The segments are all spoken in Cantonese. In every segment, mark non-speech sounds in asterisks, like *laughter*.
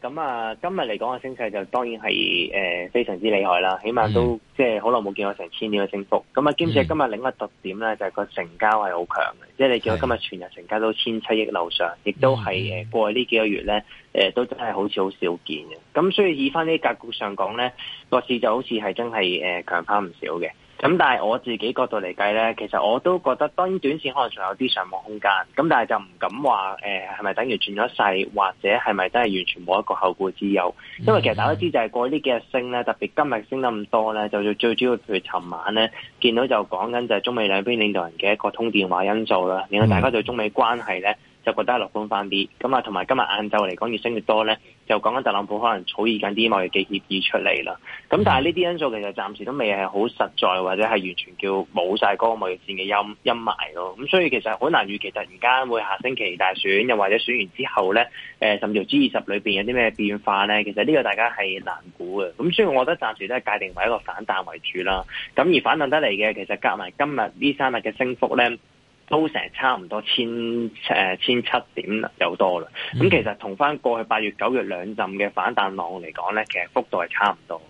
咁啊，今日嚟講個升勢就當然係誒、呃、非常之厲害啦，起碼都、mm -hmm. 即係好耐冇見過成千點嘅升幅。咁啊，兼且今日另一個特點咧，mm -hmm. 就係個成交係好強嘅，mm -hmm. 即係你見到今日全日成交都千七億樓上，亦都係誒、mm -hmm. 過去呢幾個月咧、呃、都真係好似好少見嘅。咁所以以翻呢啲格局上講咧，個市就好似係真係誒強翻唔少嘅。咁、嗯、但係我自己角度嚟計咧，其實我都覺得，當然短線可能仲有啲上望空間。咁但係就唔敢話係咪等於轉咗勢，或者係咪真係完全冇一個後顧之憂？因為其實大家都知就係過呢幾日升咧，特別今日升得咁多咧，就最主要譬如尋晚咧見到就講緊就係中美兩邊領導人嘅一個通電話因素啦。令到大家對中美關係咧。就覺得係樂觀翻啲，咁啊同埋今日晏晝嚟講越升越多咧，就講緊特朗普可能草擬緊啲貿易嘅協議出嚟啦。咁但係呢啲因素其實暫時都未係好實在，或者係完全叫冇晒嗰個貿易戰嘅陰陰霾咯。咁所以其實好難預期突然間會下星期大選，又或者選完之後咧，誒甚至乎 G20 裏邊有啲咩變化咧，其實呢個大家係難估嘅。咁所以我覺得暫時都係界定為一個反彈為主啦。咁而反彈得嚟嘅，其實夾埋今日呢三日嘅升幅咧。都成差唔多千千七點有多啦，咁、mm -hmm. 其實同翻過去八月九月兩陣嘅反彈浪嚟講咧，其實幅度係差唔多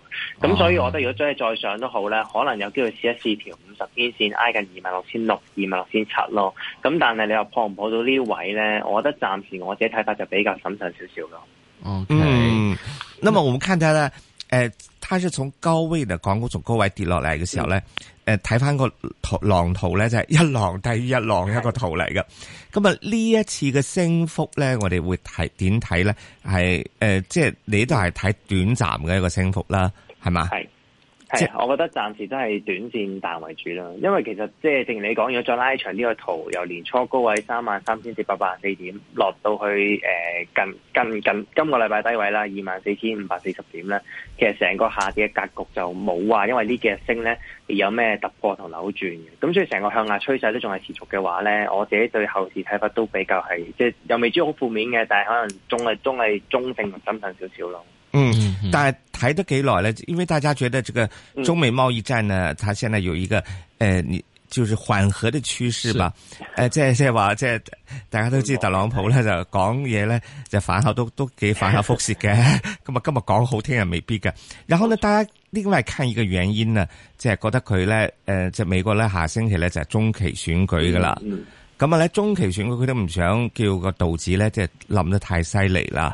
咁、okay. 所以，我覺得如果真係再上都好咧，可能有機會試一試條五十天線挨近二萬六千六、二萬六千七咯。咁但係你又破唔破到位呢位咧？我覺得暫時我自己睇法就比較審慎少少咯。Okay. Mm -hmm. 嗯，咁麼我哋睇下咧，呃它是從高位嘅港股從高位跌落嚟嘅時候咧，誒睇翻個圖浪圖咧就係、是、一浪低於一浪一個圖嚟嘅，咁啊呢一次嘅升幅咧，我哋會睇點睇咧係誒即係你都係睇短暫嘅一個升幅啦，係嘛？係，我覺得暫時都係短線彈為主啦。因為其實即係正如你講，如果再拉長呢個圖，由年初高位三萬三千四百八十四點，落到去誒近近近，近今個禮拜低位啦，二萬四千五百四十點啦，其實成個下跌嘅格局就冇話，因為幾呢幾日升咧有咩突破同扭轉嘅。咁所以成個向下趨勢都仲係持續嘅話咧，我自己對後市睇法都比較係即係又未知好負面嘅，但係可能中係中係中性同謹慎少少咯。嗯，但係睇得幾耐咧，因為大家覺得這個中美貿易戰呢，嗯、它現在有一個誒，你、呃、就是緩和的趨勢吧？誒，即係即係話，即、就、係、是就是、大家都知道特朗普咧就講嘢咧就反口都都幾反口覆舌嘅， *laughs* 今日今日講好聽又未必嘅。然後呢，大家另外看一個原因呢，即、就、係、是、覺得佢咧誒，即、呃、係美國咧下星期咧就係、是、中期選舉噶啦。咁啊咧中期選舉佢都唔想叫個道指咧即係諗得太犀利啦。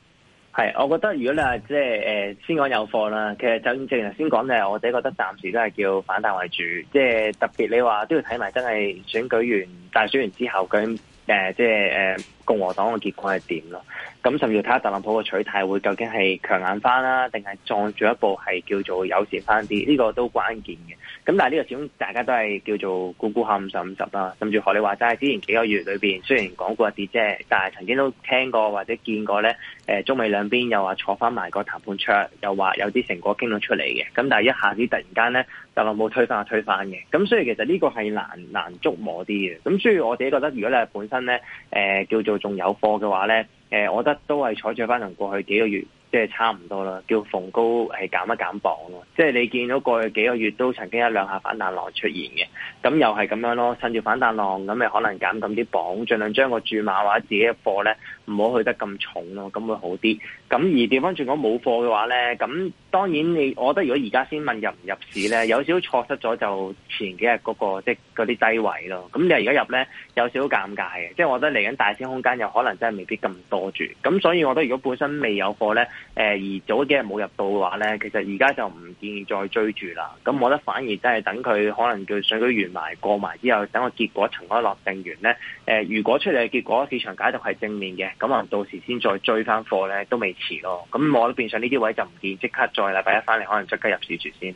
係，我覺得如果你話即係誒，先講有貨啦。其實就正如頭先講嘅，我哋覺得暫時都係叫反彈為主。即係特別你話都要睇埋，真係選舉完大選完之後究竟誒，即係誒。就是共和黨嘅結果係點咯？咁甚至要睇下特朗普嘅取態會究竟係強硬翻啦，定係撞住一步係叫做友善翻啲？呢個都關鍵嘅。咁但係呢個始終大家都係叫做估估下五十五十啦。甚至學你話齋，之前幾個月裏面雖然講過一啲啫，但係曾經都聽過或者見過咧、呃。中美兩邊又話坐翻埋個談判桌，又話有啲成果傾到出嚟嘅。咁但係一下子突然間咧，特朗普推翻又推翻嘅。咁所以其實呢個係難難捉摸啲嘅。咁所以我自己覺得，如果你係本身咧、呃、叫做仲有貨嘅話咧，誒，我覺得都係採取翻同過去幾個月即係差唔多啦，叫逢高係減一減磅咯。即係你見到過去幾個月都曾經有兩下反彈浪出現嘅，咁又係咁樣咯，趁住反彈浪咁，咪可能減緊啲磅，盡量將個注碼或者自己嘅貨咧唔好去得咁重咯，咁會好啲。咁而調翻轉講冇貨嘅話咧，咁當然你。我覺得如果而家先問入唔入市咧，有少錯失咗就前幾日嗰個即係嗰啲低位咯。咁你而家入咧有少少尷尬嘅，即係我覺得嚟緊大升空間又可能真係未必咁多住。咁所以我覺得如果本身未有貨咧，誒、呃、而早幾日冇入到嘅話咧，其實而家就唔建議再追住啦。咁我覺得反而真係等佢可能叫上舉完埋過埋之後，等個結果塵埃落定完咧。誒、呃，如果出嚟嘅結果市場解讀係正面嘅，咁可能到時先再追翻貨咧都未遲咯。咁我都變相呢啲位就唔建議即刻再禮拜一翻嚟，可能即刻入市住先。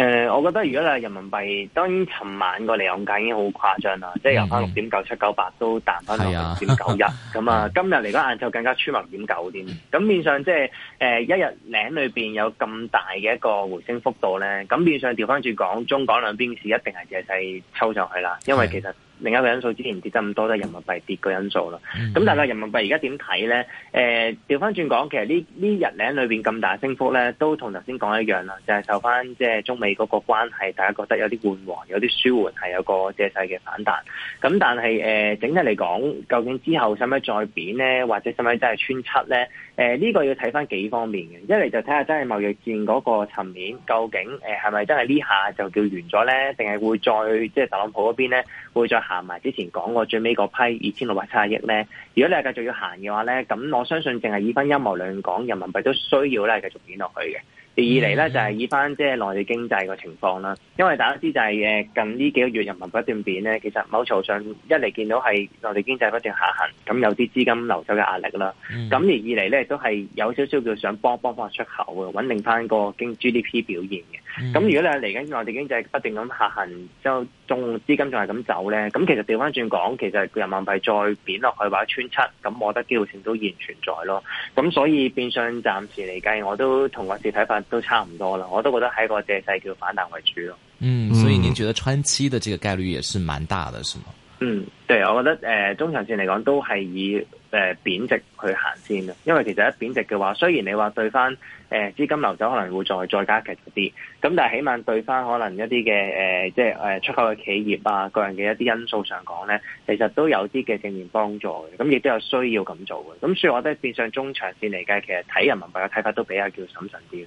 誒、呃，我覺得如果係人民幣，當然，尋晚個離岸價已經好誇張啦，即係由翻六點九七九八都彈翻到六點九一，咁啊，啊 *laughs* 今日嚟講晏晝更加穿六點九添，咁變相即係誒，一日嶺裏邊有咁大嘅一個回升幅度咧，咁變相調翻轉講，中港兩邊市一定係借勢抽上去啦，因為其實。另一個因素之前跌得咁多都係人民幣跌嘅因素咯。咁、嗯、但係人民幣而家點睇咧？誒、呃，調翻轉講，其實呢呢日兩裏面咁大升幅咧，都同頭先講一樣啦，就係、是、受翻即係中美嗰個關係，大家覺得有啲緩和，有啲舒緩，係有個借勢嘅反彈。咁但係誒、呃，整體嚟講，究竟之後使唔使再貶咧，或者使唔使真係穿七咧？誒、呃、呢、呢個要睇翻幾方面嘅，一嚟就睇下真係貿易戰嗰個層面究竟係咪、呃、真係呢下就叫完咗呢？定係會再即係特朗普嗰邊呢，會再行埋之前講過最尾嗰批二千六百七十億呢？如果你係繼續要行嘅話呢，咁我相信淨係以分陰謀論講，人民幣都需要咧繼續跌落去嘅。第二嚟咧就係以翻即係內地經濟個情況啦，因為大家知就係近呢幾個月人民幣不斷貶咧，其實某程度上一嚟見到係內地經濟不斷下行，咁有啲資金流走嘅壓力啦。咁而二嚟咧都係有少少叫想幫幫翻出口嘅，穩定翻個經 GDP 表現嘅。咁如果你係嚟緊內地經濟不斷咁下行之後仲資金仲係咁走咧，咁其實調翻轉講，其實人民幣再貶落去或者穿七，咁我覺得機會性都依然存在咯。咁所以變相暫時嚟計，我都同我哋睇法。都差唔多啦，我都覺得係一個借勢叫反彈為主咯。嗯，所以您覺得穿七的這個概率也是蠻大的，是嗎？嗯，對，我覺得誒、呃，中長線嚟講都係以誒、呃、貶值去行先嘅，因為其實一貶值嘅話，雖然你話對翻誒、呃、資金流走可能會再再加劇一啲，咁但係起碼對翻可能一啲嘅誒即係誒、呃、出口嘅企業啊，個人嘅一啲因素上講咧，其實都有啲嘅正面幫助嘅，咁亦都有需要咁做嘅。咁所以我覺得變相中長線嚟計，其實睇人民幣嘅睇法都比較叫審慎啲。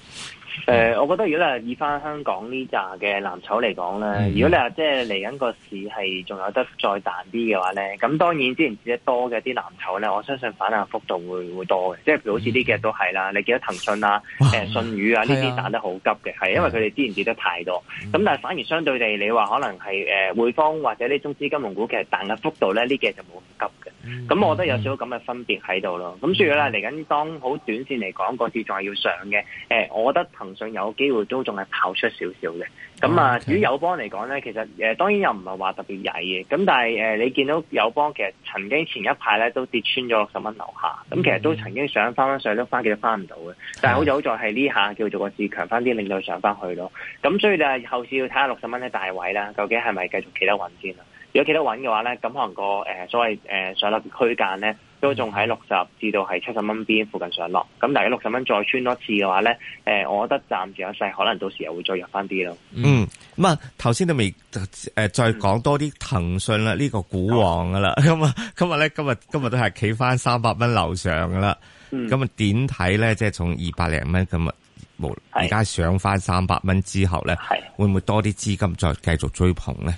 誒、呃，我覺得如果你以翻香港呢紮嘅藍籌嚟講咧，如果你話即係嚟緊個市係仲有得再彈啲嘅話咧，咁當然之前跌得多嘅啲藍籌咧，我相信反彈幅度會會多嘅。即係譬如好似呢幾日都係啦，你記得騰訊啦、啊、誒、欸、信宇啊呢啲、啊、彈得好急嘅，係因為佢哋之前跌得太多。咁、啊、但係反而相對地，你話可能係誒、呃、匯豐或者呢種中資金融股其實彈嘅幅度咧，呢幾日就冇咁急嘅。咁、嗯、我覺得有少少咁嘅分別喺度咯。咁所以咧嚟緊當好短線嚟講，個市仲係要上嘅、欸。我覺得。騰訊有機會都仲係跑出少少嘅，咁啊，Okay. 至於友邦嚟講咧，其實誒、呃、當然又唔係話特別曳嘅，咁但係誒、呃、你見到友邦其實曾經前一排咧都跌穿咗六十蚊樓下，咁、mm -hmm. 其實都曾經想翻上碌翻幾都翻唔到嘅，yeah. 但係好在好在係呢下叫做個市強翻啲，令到佢上翻去咯，咁所以就係後市要睇下六十蚊嘅大位啦，究竟係咪繼續企得穩先啊？如果企得穩嘅話咧，咁可能個誒、呃、所謂誒上落區間咧，都仲喺六十至到係七十蚊邊附近上落，咁但係六十蚊再穿多次嘅話咧，誒，我覺得暫時有勢，可能到時又會再入翻啲咯。嗯，咁啊，頭先都未誒，再講多啲騰訊啦，呢個股王噶啦，咁、嗯、啊，今日咧，今日今日都係企翻三百蚊樓上噶啦，咁、嗯、啊，點睇咧？即係從二百零蚊咁啊，而家上翻三百蚊之後咧，係會唔會多啲資金再繼續追捧咧？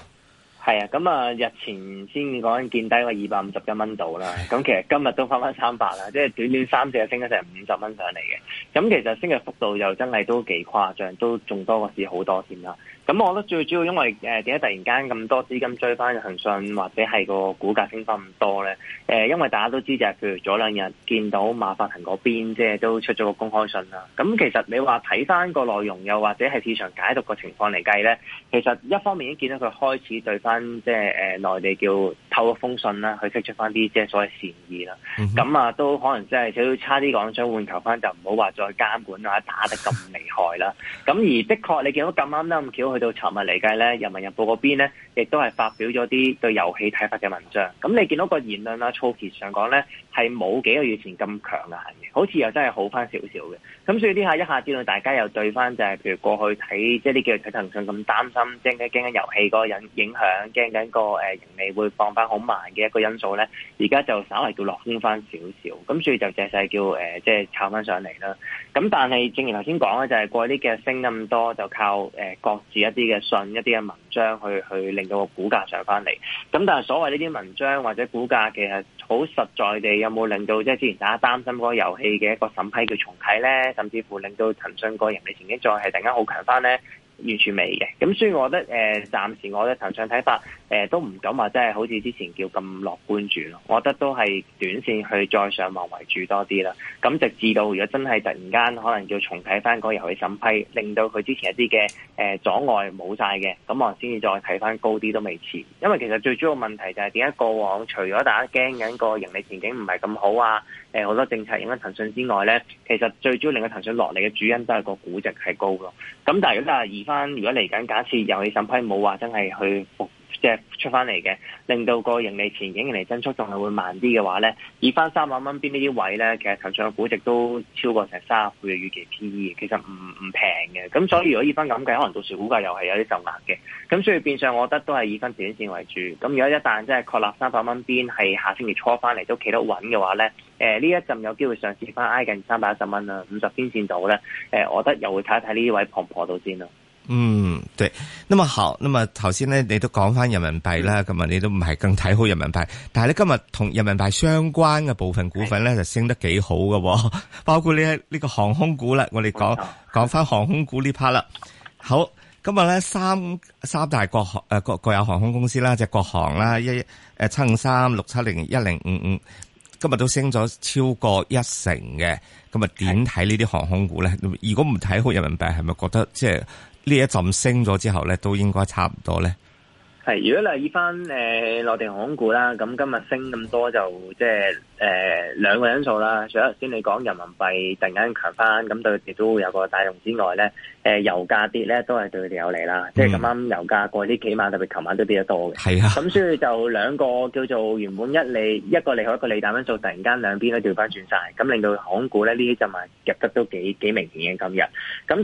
係啊，咁啊日前先講見低個二百五十一蚊度啦，咁其實今日都返返三百啦，即係短短三四日升咗成五十蚊上嚟嘅，咁其實升嘅幅度又真係都幾誇張，都仲多過市好多添啦。咁我覺得最主要因為誒點解突然間咁多資金追翻騰訊，或者係個股價升翻咁多咧？誒、呃，因為大家都知道就係、是，譬如早兩日見到馬化騰嗰邊即係都出咗個公開信啦。咁其實你話睇翻個內容又，又或者係市場解讀個情況嚟計咧，其實一方面已經見到佢開始對翻即係誒內地叫透過封信啦，去釋出翻啲即係所謂善意啦。咁、mm -hmm. 啊，都可能即係少少差啲講，想換求翻就唔好話再監管啊，打得咁厲害啦。咁 *laughs* 而的確你見到咁啱啦，咁巧。去到尋日嚟計咧，《人民日報》嗰邊咧，亦都係發表咗啲對遊戲睇法嘅文章。咁你見到個言論啦，措辭上講咧，係冇幾個月前咁強硬嘅，好似又真係好翻少少嘅。咁所以呢，下一下之到大家又對翻就係、是、譬如過去睇即係呢幾日睇騰訊咁擔心，驚緊驚緊遊戲嗰個影響，驚緊個誒盈利會放翻好慢嘅一個因素咧。而家就稍為叫落空翻少少，咁所以就隻勢叫誒即係炒翻上嚟啦。咁但係正如頭先講咧，就係、是、過呢幾日升咁多，就靠誒、呃、各自。一啲嘅信，一啲嘅文章去，去去令到個股價上翻嚟。咁但係所謂呢啲文章或者股價，其實好實在地，有冇令到即係之前大家擔心嗰個遊戲嘅一個審批嘅重啟咧？甚至乎令到騰訊個人嘅成績再係突然間好強翻咧？完全未嘅。咁所以我覺得誒，暫時我嘅騰訊睇法。誒都唔敢話，真係好似之前叫咁樂觀住咯。我覺得都係短線去再上網為主多啲啦。咁直至到如果真係突然間可能要重睇翻個遊戲審批，令到佢之前一啲嘅誒阻礙冇晒嘅，咁我先至再睇翻高啲都未遲。因為其實最主要問題就係點解過往除咗大家驚緊個盈利前景唔係咁好啊，誒好多政策影響騰訊之外咧，其實最主要令到騰訊落嚟嘅主因都係個估值係高咯。咁但係如果話移翻，如果嚟緊假設遊戲審批冇話真係去即、就是、出翻嚟嘅，令到個盈利前景、盈利增速仲係會慢啲嘅話咧，以翻三百蚊邊呢啲位咧，其實頭上嘅估值都超過成三十倍嘅預期 P E，其實唔唔平嘅。咁所以如果以翻咁計，可能到時股價又係有啲受壓嘅。咁所以變相我覺得都係以翻短線為主。咁如果一旦真係確立三百蚊邊係下星期初翻嚟都企得穩嘅話咧，呢、呃、一陣有機會上試翻挨近三百一十蚊啦，五十邊線度咧、呃，我覺得又會睇一睇呢啲位破唔破到先。嗯，對，咁啊好，咁啊頭先咧，你都講翻人民幣啦，咁、嗯、啊你都唔係更睇好人民幣，但係咧今日同人民幣相關嘅部分股份咧就升得幾好嘅、哦，包括呢呢個航空股啦，我哋講、嗯、講翻航空股呢 part 啦。好，今日咧三三大國航誒國國有航空公司啦，即係國航啦，一誒七五三六七零一零五五，753, 670, 1055，今日都升咗超過一成嘅，咁啊點睇呢啲航空股咧？如果唔睇好人民幣，係咪覺得即係？呢一陣升咗之後咧，都應該差唔多咧。係，如果嚟以翻誒內地航空股啦，咁今日升咁多就即係誒兩個因素啦。除咗頭先你講人民幣突然間強翻，咁對佢哋都會有個帶動之外咧，誒、呃、油價跌咧都係對佢哋有利啦、嗯。即係咁啱油價過呢幾晚，特別琴晚都跌得多嘅。係啊，咁所以就兩個叫做原本一利一個利好一個利淡因素，突然間兩邊都調翻轉晒，咁令到航空股咧呢啲就咪夾得都幾幾明顯嘅今日。咁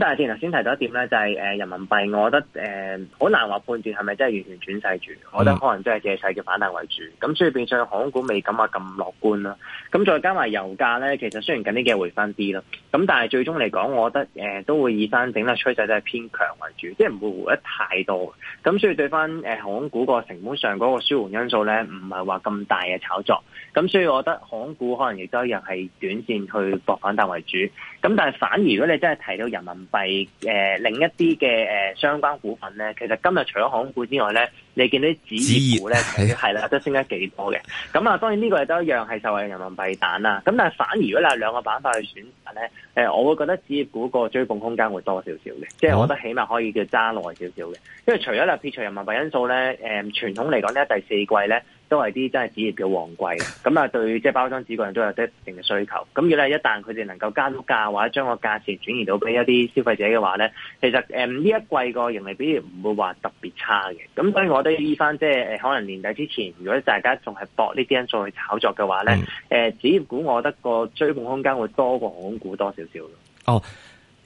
但係之前頭先提到一點咧，就係、是、誒、呃、人民幣，我覺得誒好、呃、難話判斷係咪真係完完全。短勢住，我、 *noise* *noise* 嗯、 *noise* 覺得可能都係借勢嘅反彈為主，咁所以變相航空股未敢話咁樂觀啦。咁再加埋油價咧，其實雖然近呢幾日回翻啲咯，咁但係最終嚟講，我覺得誒、呃、都會以翻整個趨勢都係偏強為主，即係唔會回得太多。咁所以對翻誒航空股個成本上嗰個舒緩因素咧，唔係話咁大嘅炒作。咁所以我覺得航空股可能亦都一係係短線去博反彈為主。咁但係反而如果你真係提到人民幣嘅、呃、另一啲嘅誒相關股份咧，其實今日除咗航空股之外咧，你見到啲紙業股咧係啦，都升得幾多嘅。咁、嗯、啊當然呢個亦都一樣係受惠人民幣彈啦。咁但係反而如果你兩個板塊去選擇咧、呃，我會覺得紙業股個追捧空間會多少少嘅，即係、就是、我覺得起碼可以叫揸耐少少嘅。因為除咗兩撇除人民幣因素咧、呃，傳統嚟講咧，第四季咧。都係啲真係紙業嘅旺季，咁啊對，即係包裝紙個人都有一定嘅需求。咁而咧，一旦佢哋能夠加到價或者將個價錢轉移到俾一啲消費者嘅話咧，其實誒呢一季個盈利比唔會話特別差嘅。咁所以我都預翻，即係可能年底之前，如果大家仲係搏呢啲因素去炒作嘅話咧，誒、嗯、紙業股，我覺得個追捧空間會多過航空股，股多少少咯。哦，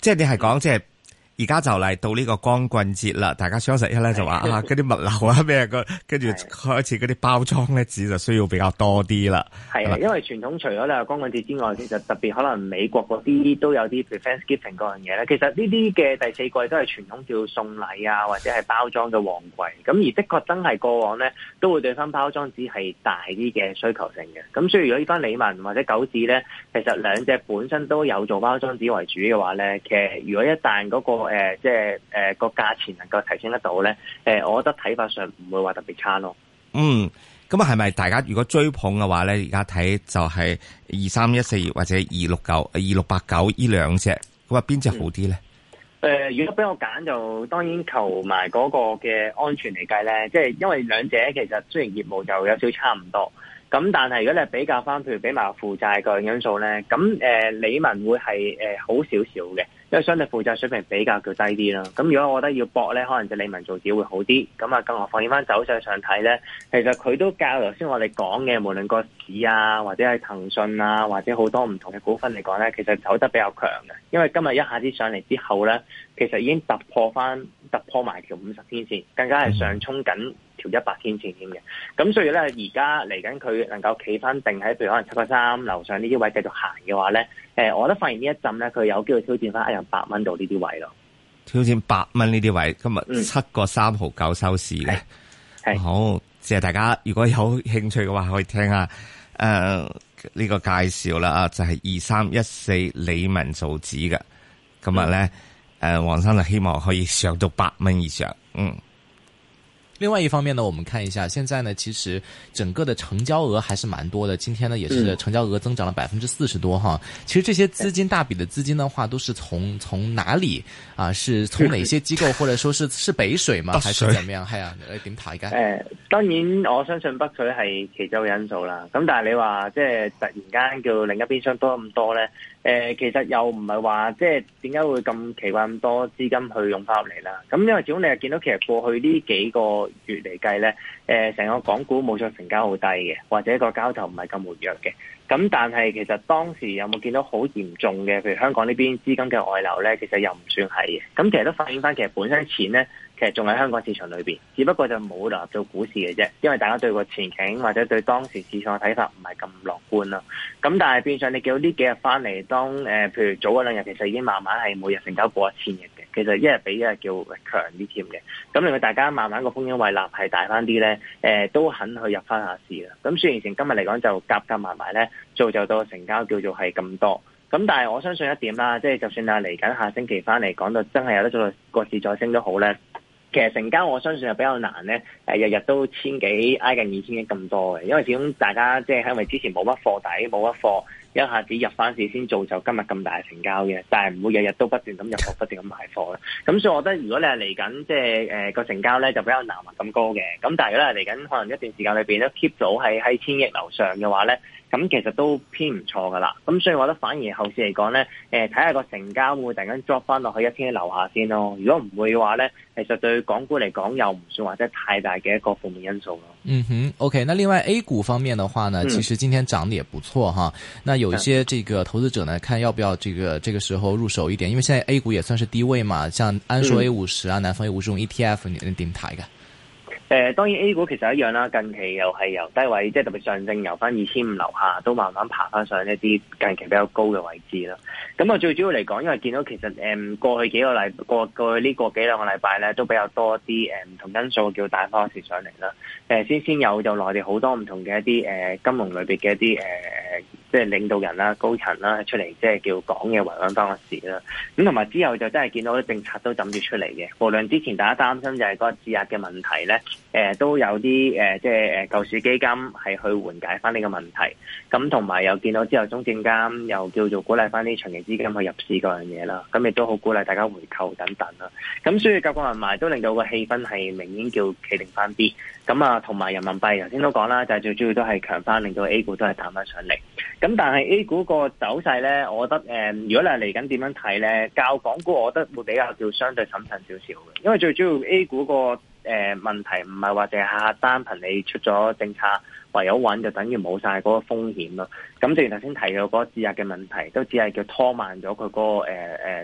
即係你係講即係。嗯而家就嚟到呢個光棍節啦，大家雙十一咧就話啊，嗰啲物流啊咩呀、啊、跟住開始嗰啲包裝咧紙就需要比較多啲啦。係啊，因為傳統除咗你話光棍節之外，其實特別可能美國嗰啲都有啲 preference giving 嗰樣嘢咧。其實呢啲嘅第四季都係傳統叫送禮啊或者係包裝嘅旺季。咁而的確真係過往咧都會對翻包裝紙係大啲嘅需求性嘅。咁所以如果呢翻理文或者玖紙咧，其實兩隻本身都有做包裝紙為主嘅話咧，其實如果一旦嗰、那個誒、呃，即係誒個價錢能夠提升得到咧，誒、呃，我覺得睇法上唔會話特別差咯。嗯，咁啊，係咪大家如果追捧嘅話咧，而家睇就係二三一四或者二六九、二六八九呢兩隻，咁啊邊隻好啲咧？誒、呃，如果俾我揀就，當然求埋嗰個嘅安全嚟計咧，即係因為兩者其實雖然業務就有少少差唔多，咁但係如果你比較翻，譬如比埋負債各樣因素咧，咁誒、呃、理文會係誒、呃、好少少嘅。因為相對負債水平比較叫低啲啦，咁如果我覺得要搏呢，可能就李文做嘢會好啲。咁啊，更何況喺翻走勢上睇呢，其實佢都較頭先我哋講嘅，無論個市啊，或者係騰訊啊，或者好多唔同嘅股份嚟講呢，其實走得比較強嘅。因為今日一下子上嚟之後呢，其實已經突破翻突破埋條五十天線，更加係上衝緊。調一百天前嘅，咁所以咧，而家嚟緊佢能夠企翻定喺，譬如可能七個三樓上呢啲位繼續行嘅話咧，誒、呃，我都發現這一呢一浸咧，佢有機會挑戰翻一人八蚊到呢啲位咯。挑戰八蚊呢啲位，今日七個三毫九收市嘅。係、嗯、好，謝大家。如果有興趣嘅話，可以聽下。誒、呃、呢、這個介紹啦，啊，就係二三一四理文造紙嘅。今日咧，誒、嗯，黃、呃、生就希望可以上到八蚊以上。嗯。另外一方面呢，我們看一下，現在呢，其實整個的成交額還是蠻多的。今天呢，也是成交額增長了百分之四十多哈、嗯。其實這些資金大筆的資金的話，都是從從哪裏啊？是從哪些機構或者說是是北水嘛、哦，還是怎麼樣？係啊，哎、呀來點塔一下，當然我相信北水係其中的因素啦。咁但係你話即係突然間叫另一邊商多咁多呢，誒、呃，其實又唔係話即係點解會咁奇怪咁多資金去用湧入嚟啦？咁因為始終你又見到其實過去呢幾個。月嚟計咧，誒，成個港股冇咗成交好低嘅，或者個交投唔係咁活躍嘅。咁但係其實當時有冇見到好嚴重嘅？譬如香港呢邊資金嘅外流咧，其實又唔算係嘅。咁其實都反映翻，其實本身錢咧，其實仲喺香港市場裏邊，只不過就冇流入到股市嘅啫。因為大家對個前景或者對當時市場嘅睇法唔係咁樂觀囉。咁但係變相你見到呢幾日翻嚟，當誒，譬如早嗰兩日其實已經慢慢係每日成交過一千嘅。其實一日比一日叫強啲添嘅，咁令到大家慢慢個風險胃納係大翻啲咧，誒都肯去入翻下市啦。咁雖然成今日嚟講就夾夾埋埋咧，做就到成交叫做係咁多。咁但係我相信一點啦，即係就算啊嚟緊下星期翻嚟講到真係有得做到個市再升都好咧。其實成交我相信係比較難咧，誒日日都千幾挨近二千億咁多嘅，因為始終大家即係因為之前冇乜貨底冇乜貨。一下子入翻市先做就今日咁大嘅成交嘅，但係唔會日日都不斷咁入貨不斷咁買貨啦。咁所以我覺得如果你係嚟緊即係誒個成交咧就比較難話咁高嘅。咁但係如果係嚟緊可能一段時間裏邊咧 keep 到喺喺千億樓上嘅話咧。咁其實都偏唔錯噶啦，咁所以我覺得反而後市嚟講呢，呃、睇下個成交會唔會突然間 drop 翻落去一千一樓下先咯。如果唔會嘅話呢，其實對港股嚟講又唔算或者太大嘅一個負面因素咯。嗯哼，OK。那另外 A 股方面嘅話呢、嗯，其實今天漲得也不錯哈。那有一些這個投資者呢，看要不要這個這個時候入手一點，因為現在 A 股也算是低位嘛。像安碩 A 五十啊、嗯、南方 A 五十種 ETF，你點睇嘅？誒、呃，當然 A 股其實一樣啦，近期又係由低位，即係特別上證由翻二千五樓下，都慢慢爬翻上一啲近期比較高嘅位置啦。咁啊，最主要嚟講，因為見到其實誒、呃、過去幾個禮過過去呢個幾兩個禮拜咧，都比較多啲誒唔同因素叫大花市上嚟啦。誒、呃，先先有就內地好多唔同嘅一啲誒、呃、金融類別嘅一啲誒。呃即係領導人啦、高層啦出嚟，即係叫講嘅維穩當事啦。咁同埋之後就真係見到啲政策都枕住出嚟嘅。無論之前大家擔心就係個質押嘅問題咧，都有啲即係誒救市基金係去緩解翻呢個問題。咁同埋又見到之後，中證監又叫做鼓勵翻啲長期資金去入市嗰樣嘢啦。咁亦都好鼓勵大家回購等等啦。咁所以各方埋埋都令到個氣氛係明顯叫企定翻啲。咁啊，同埋人民幣頭先都講啦，就係、是、最主要都係強翻，令到 A 股都係彈翻上嚟。咁、嗯、但係 A 股個走勢咧，我覺得誒、嗯，如果你係嚟緊點樣睇咧，較港股我覺得會比較叫相對審慎少少嘅，因為最主要 A 股個誒、呃、問題唔係話淨係單憑你出咗政策唯有穩就等於冇晒嗰個風險咯。咁正如頭先提到嗰個質押嘅問題，都只係叫拖慢咗佢、個誒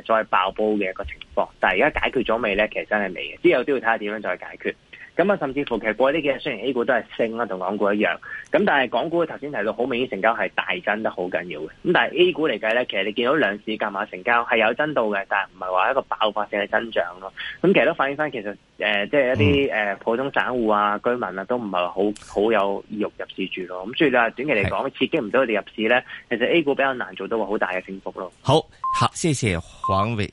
誒再爆煲嘅一個情況，但係而家解決咗未咧？其實真係未嘅，之後都要睇下點樣再解決。咁、嗯、啊，甚至乎其實過呢幾日，雖然 A 股都係升啦，同港股一樣。咁但係港股頭先提到，好明顯成交係大增得好緊要嘅。咁但係 A 股嚟計咧，其實你見到兩市夾碼成交係有增到嘅，但係唔係話一個爆發性嘅增長咯。咁其實都反映翻，其實、呃、即係一啲、呃、普通散戶啊、居民啊，都唔係話好好有意欲入市住咯。咁所以你短期嚟講刺激唔到佢哋入市咧，其實 A 股比較難做到個好大嘅升幅咯。好，好，謝謝黃偉。